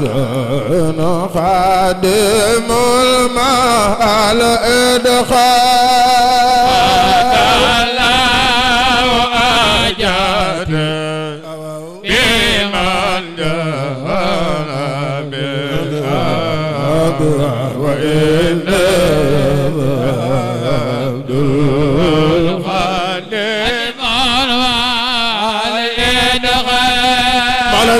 زن خادم الماء الإدخال وإيه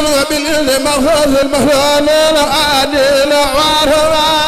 من بالإذن مخرج لا عادل وعرفان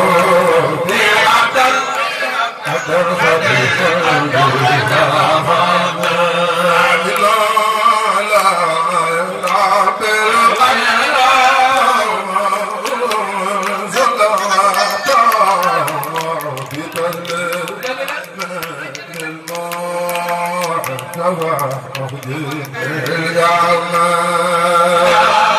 Sabah, Sabah, Sabah, Sabah, Sabah,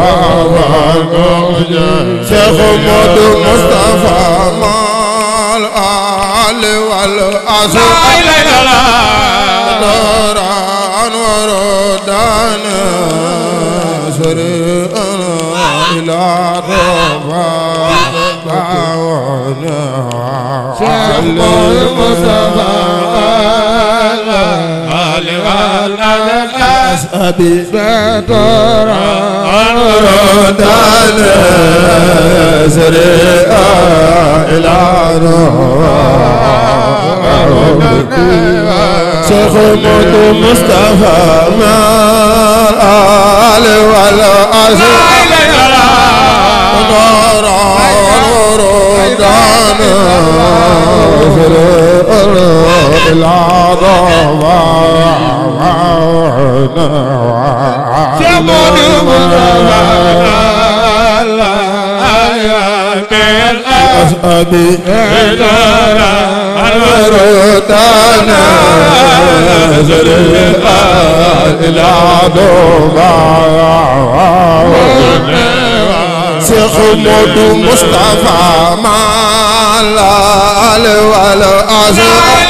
waawaaw Cheikh Modou Moustapha mal al wal asu daran warodan sari'an ila rafa bawana Cheikh Modou Moustapha والغال على الأسأب بدر عمر دان سريعا إلى شيخ مد مصطفى ما آل والعزيز نار نار دان سريعا العرب أبي إلى الوردانا زرقا إلى عدوما شيخ مصطفى مع الآل والأزواج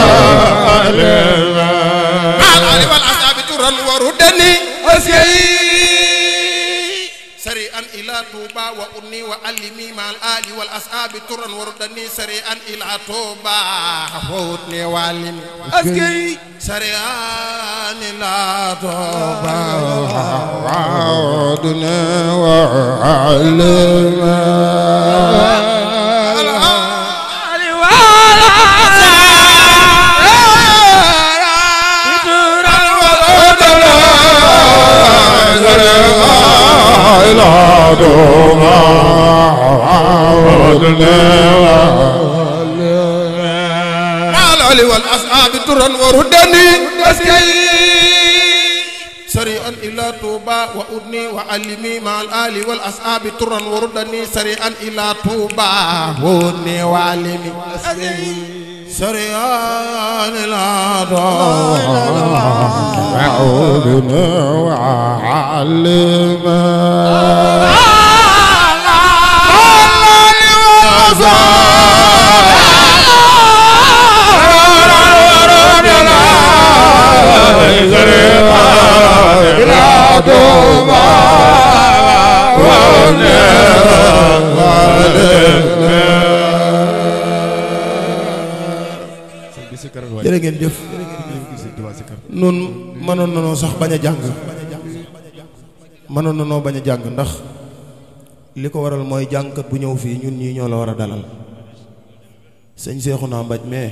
مع الآل والأصحاب جرا وردني أسيي سريعا إلى توبة وأني وألمي مع الآل والأصحاب ترا وردني سريعا إلى توبة وأني وألمي سريعا إلى توبة وأني وألمي الهضوما مع العلي والأصحاب درا وردني سريعا إلى توبة وأدني وعلمي مع الالي والأصحاب ترا وردني سريعا إلى توبة وأدني وعلمي سريان العذاب الله الله الله mënoon nanoo sax bañ a jàng mënoon nanoo bañ a jàng ndax li ko waral mooy jàngkat bu ñëw fii ñun ñii ñoo la war a dalal sëñ seexu naa mbaj mais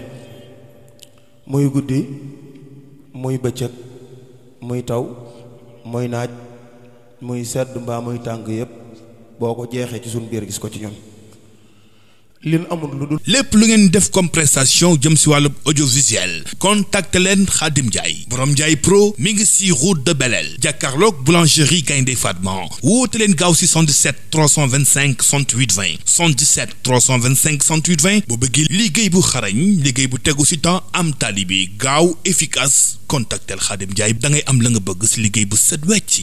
muy guddi muy bëccëg muy taw muy naaj muy sedd mbaa muy tàng yépp boo ko jeexee ci suñ biir gis ko ci ñun li amul lu compression lépp lu ngeen def comme prestation jëm si wàllu audiovisuel contacte leen Khadim Ndiaye borom pro mi ngi si route de Belel jàkkaarloog boulangerie Gaynde Fatma wóote leen gaaw si 77 325 68 20 77 325 68 20 Vous bëggee liggéey bu xarañ liggéey bu tegu si temps am talibi Gau gaaw efficace contactel Khadim Ndiaye da ngay am la nga bëgg si liggéey bu wecc